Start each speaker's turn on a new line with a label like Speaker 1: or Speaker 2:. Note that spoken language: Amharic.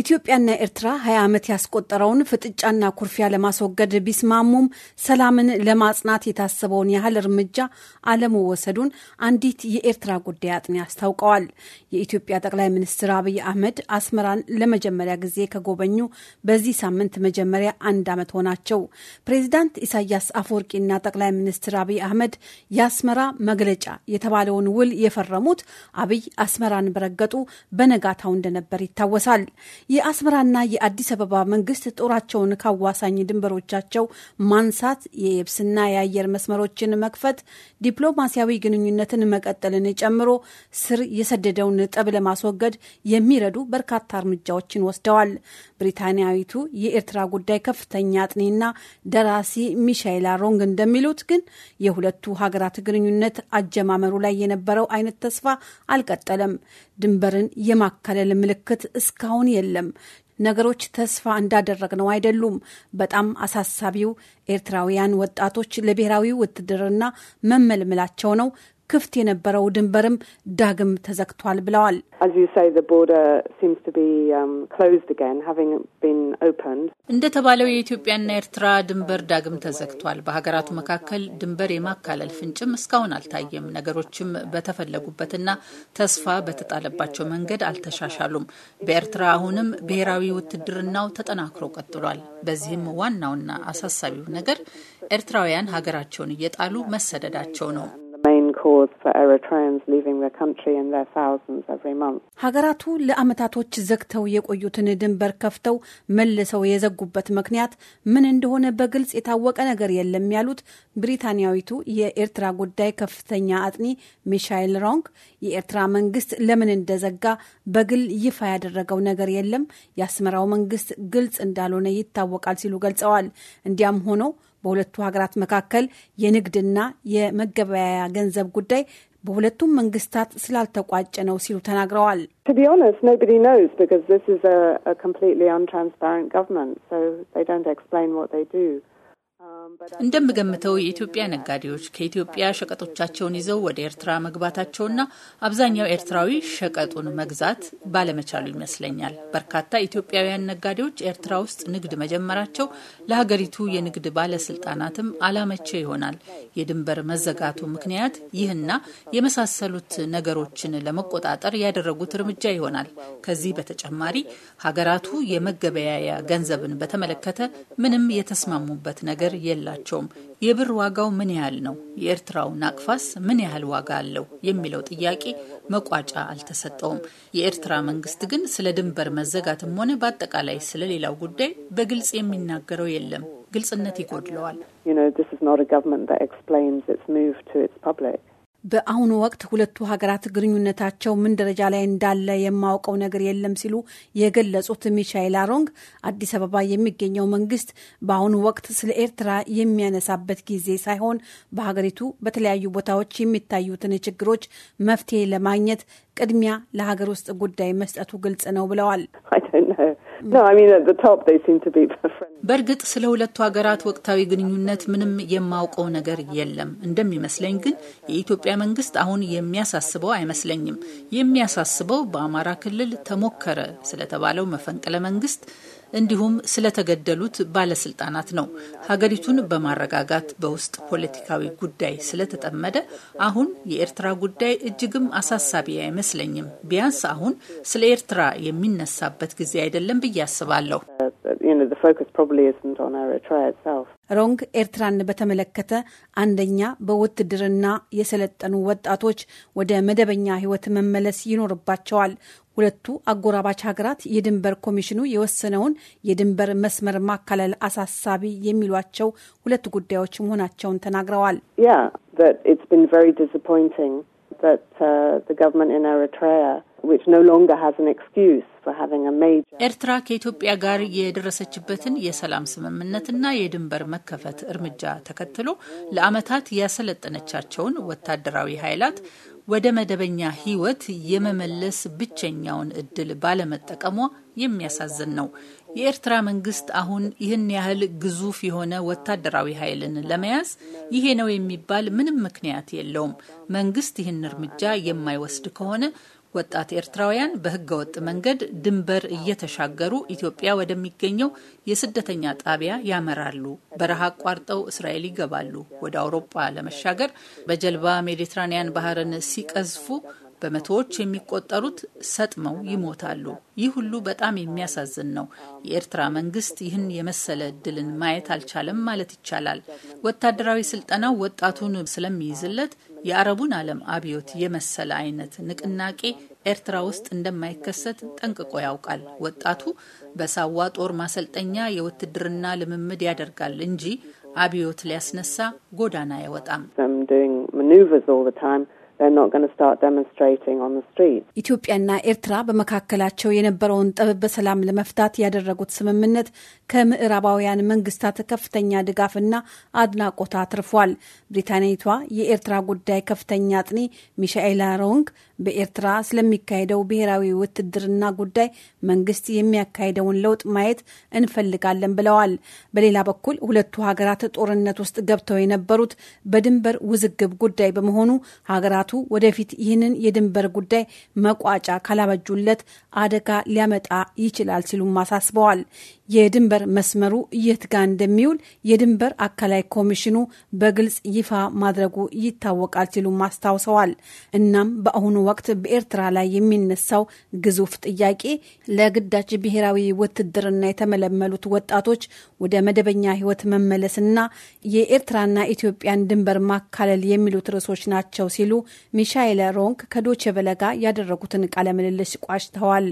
Speaker 1: ኢትዮጵያና ኤርትራ ሀያ ዓመት ያስቆጠረውን ፍጥጫና ኩርፊያ ለማስወገድ ቢስማሙም ሰላምን ለማጽናት የታሰበውን ያህል እርምጃ አለመወሰዱን አንዲት የኤርትራ ጉዳይ አጥኚ አስታውቀዋል። የኢትዮጵያ ጠቅላይ ሚኒስትር አብይ አህመድ አስመራን ለመጀመሪያ ጊዜ ከጎበኙ በዚህ ሳምንት መጀመሪያ አንድ ዓመት ሆናቸው። ፕሬዚዳንት ኢሳያስ አፈወርቂና ጠቅላይ ሚኒስትር አብይ አህመድ የአስመራ መግለጫ የተባለውን ውል የፈረሙት አብይ አስመራን በረገጡ በነጋታው እንደነበር ይታወሳል። የአስመራና የአዲስ አበባ መንግስት ጦራቸውን ካዋሳኝ ድንበሮቻቸው ማንሳት፣ የየብስና የአየር መስመሮችን መክፈት፣ ዲፕሎማሲያዊ ግንኙነትን መቀጠልን ጨምሮ ስር የሰደደውን ጠብ ለማስወገድ የሚረዱ በርካታ እርምጃዎችን ወስደዋል። ብሪታንያዊቱ የኤርትራ ጉዳይ ከፍተኛ አጥኔና ደራሲ ሚሻይላ ሮንግ እንደሚሉት ግን የሁለቱ ሀገራት ግንኙነት አጀማመሩ ላይ የነበረው አይነት ተስፋ አልቀጠለም። ድንበርን የማካለል ምልክት እስካሁን የለም። አይደለም። ነገሮች ተስፋ እንዳደረግነው አይደሉም። በጣም አሳሳቢው ኤርትራውያን ወጣቶች ለብሔራዊ ውትድርና መመልመላቸው ነው። ክፍት የነበረው
Speaker 2: ድንበርም ዳግም ተዘግቷል ብለዋል። um,
Speaker 3: እንደተባለው የኢትዮጵያና ኤርትራ ድንበር ዳግም ተዘግቷል። በሀገራቱ መካከል ድንበር የማካለል ፍንጭም እስካሁን አልታየም። ነገሮችም በተፈለጉበትና ተስፋ በተጣለባቸው መንገድ አልተሻሻሉም። በኤርትራ አሁንም ብሔራዊ ውትድርናው ተጠናክሮ ቀጥሏል። በዚህም ዋናውና አሳሳቢው ነገር ኤርትራውያን ሀገራቸውን እየጣሉ መሰደዳቸው ነው።
Speaker 2: ሀገራቱ ለአመታቶች ዘግተው የቆዩትን
Speaker 1: ድንበር ከፍተው መልሰው የዘጉበት ምክንያት ምን እንደሆነ በግልጽ የታወቀ ነገር የለም ያሉት ብሪታንያዊቱ የኤርትራ ጉዳይ ከፍተኛ አጥኒ ሚሻይል ሮንግ የኤርትራ መንግስት ለምን እንደዘጋ በግል ይፋ ያደረገው ነገር የለም፣ የአስመራው መንግስት ግልጽ እንዳልሆነ ይታወቃል ሲሉ ገልጸዋል። እንዲያም ሆኖ በሁለቱ ሀገራት መካከል የንግድና የመገበያያ ገንዘብ ጉዳይ በሁለቱም መንግስታት ስላልተቋጨ ነው ሲሉ ተናግረዋል።
Speaker 3: እንደምገምተው የኢትዮጵያ ነጋዴዎች ከኢትዮጵያ ሸቀጦቻቸውን ይዘው ወደ ኤርትራ መግባታቸውና አብዛኛው ኤርትራዊ ሸቀጡን መግዛት ባለመቻሉ ይመስለኛል። በርካታ ኢትዮጵያውያን ነጋዴዎች ኤርትራ ውስጥ ንግድ መጀመራቸው ለሀገሪቱ የንግድ ባለስልጣናትም አላመቼ ይሆናል። የድንበር መዘጋቱ ምክንያት ይህና የመሳሰሉት ነገሮችን ለመቆጣጠር ያደረጉት እርምጃ ይሆናል። ከዚህ በተጨማሪ ሀገራቱ የመገበያያ ገንዘብን በተመለከተ ምንም የተስማሙበት ነገር የለም የላቸውም። የብር ዋጋው ምን ያህል ነው? የኤርትራው ናቅፋስ ምን ያህል ዋጋ አለው? የሚለው ጥያቄ መቋጫ አልተሰጠውም። የኤርትራ መንግስት ግን ስለ ድንበር መዘጋትም ሆነ በአጠቃላይ ስለ ሌላው ጉዳይ በግልጽ የሚናገረው የለም። ግልጽነት ይጎድለዋል።
Speaker 2: በአሁኑ ወቅት ሁለቱ
Speaker 1: ሀገራት ግንኙነታቸው ምን ደረጃ ላይ እንዳለ የማውቀው ነገር የለም ሲሉ የገለጹት ሚሻኤል አሮንግ አዲስ አበባ የሚገኘው መንግስት በአሁኑ ወቅት ስለ ኤርትራ የሚያነሳበት ጊዜ ሳይሆን በሀገሪቱ በተለያዩ ቦታዎች የሚታዩትን ችግሮች መፍትሄ ለማግኘት ቅድሚያ ለሀገር ውስጥ ጉዳይ መስጠቱ ግልጽ ነው ብለዋል።
Speaker 3: በእርግጥ ስለ ሁለቱ ሀገራት ወቅታዊ ግንኙነት ምንም የማውቀው ነገር የለም። እንደሚመስለኝ ግን የኢትዮጵያ መንግስት አሁን የሚያሳስበው አይመስለኝም። የሚያሳስበው በአማራ ክልል ተሞከረ ስለተባለው መፈንቅለ መንግስት እንዲሁም ስለተገደሉት ባለስልጣናት ነው። ሀገሪቱን በማረጋጋት በውስጥ ፖለቲካዊ ጉዳይ ስለተጠመደ አሁን የኤርትራ ጉዳይ እጅግም አሳሳቢ አይመስለኝም። ቢያንስ አሁን ስለ ኤርትራ የሚነሳበት ጊዜ
Speaker 2: አይደለም ብዬ አስባለሁ። ሮንግ
Speaker 1: ኤርትራን በተመለከተ አንደኛ በውትድርና የሰለጠኑ ወጣቶች ወደ መደበኛ ሕይወት መመለስ ይኖርባቸዋል። ሁለቱ አጎራባች ሀገራት የድንበር ኮሚሽኑ የወሰነውን የድንበር መስመር ማካለል አሳሳቢ የሚሏቸው ሁለት ጉዳዮች መሆናቸውን ተናግረዋል።
Speaker 2: uh,
Speaker 3: ኤርትራ ከኢትዮጵያ ጋር የደረሰችበትን የሰላም ስምምነትና የድንበር መከፈት እርምጃ ተከትሎ ለዓመታት ያሰለጠነቻቸውን ወታደራዊ ኃይላት ወደ መደበኛ ህይወት የመመለስ ብቸኛውን እድል ባለመጠቀሟ የሚያሳዝን ነው። የኤርትራ መንግስት አሁን ይህን ያህል ግዙፍ የሆነ ወታደራዊ ኃይልን ለመያዝ ይሄ ነው የሚባል ምንም ምክንያት የለውም። መንግስት ይህን እርምጃ የማይወስድ ከሆነ ወጣት ኤርትራውያን በህገወጥ መንገድ ድንበር እየተሻገሩ ኢትዮጵያ ወደሚገኘው የስደተኛ ጣቢያ ያመራሉ። በረሃ አቋርጠው እስራኤል ይገባሉ። ወደ አውሮፓ ለመሻገር በጀልባ ሜዲትራኒያን ባህርን ሲቀዝፉ በመቶዎች የሚቆጠሩት ሰጥመው ይሞታሉ። ይህ ሁሉ በጣም የሚያሳዝን ነው። የኤርትራ መንግስት ይህን የመሰለ እድልን ማየት አልቻለም ማለት ይቻላል። ወታደራዊ ስልጠናው ወጣቱን ስለሚይዝለት የአረቡን ዓለም አብዮት የመሰለ አይነት ንቅናቄ ኤርትራ ውስጥ እንደማይከሰት ጠንቅቆ ያውቃል። ወጣቱ በሳዋ ጦር ማሰልጠኛ የውትድርና ልምምድ ያደርጋል እንጂ አብዮት
Speaker 2: ሊያስነሳ ጎዳና አይወጣም።
Speaker 1: ኢትዮጵያና ኤርትራ በመካከላቸው የነበረውን ጠብ በሰላም ለመፍታት ያደረጉት ስምምነት ከምዕራባውያን መንግስታት ከፍተኛ ድጋፍና አድናቆት አትርፏል። ብሪታንያዊቷ የኤርትራ ጉዳይ ከፍተኛ አጥኒ ሚሻኤላ ሮንግ በኤርትራ ስለሚካሄደው ብሔራዊ ውትድርና ጉዳይ መንግስት የሚያካሄደውን ለውጥ ማየት እንፈልጋለን ብለዋል። በሌላ በኩል ሁለቱ ሀገራት ጦርነት ውስጥ ገብተው የነበሩት በድንበር ውዝግብ ጉዳይ በመሆኑ ሀገራቱ ሀገራቱ ወደፊት ይህንን የድንበር ጉዳይ መቋጫ ካላበጁለት አደጋ ሊያመጣ ይችላል ሲሉም አሳስበዋል። የድንበር መስመሩ የት ጋር እንደሚውል የድንበር አካላይ ኮሚሽኑ በግልጽ ይፋ ማድረጉ ይታወቃል ሲሉም አስታውሰዋል። እናም በአሁኑ ወቅት በኤርትራ ላይ የሚነሳው ግዙፍ ጥያቄ ለግዳጅ ብሔራዊ ውትድርና የተመለመሉት ወጣቶች ወደ መደበኛ ሕይወት መመለስና የኤርትራና ኢትዮጵያን ድንበር ማካለል የሚሉት ርዕሶች ናቸው ሲሉ ሚሻኤለ ሮንክ ከዶቼ ቬለ ጋር ያደረጉትን ቃለ ቋጭተዋል።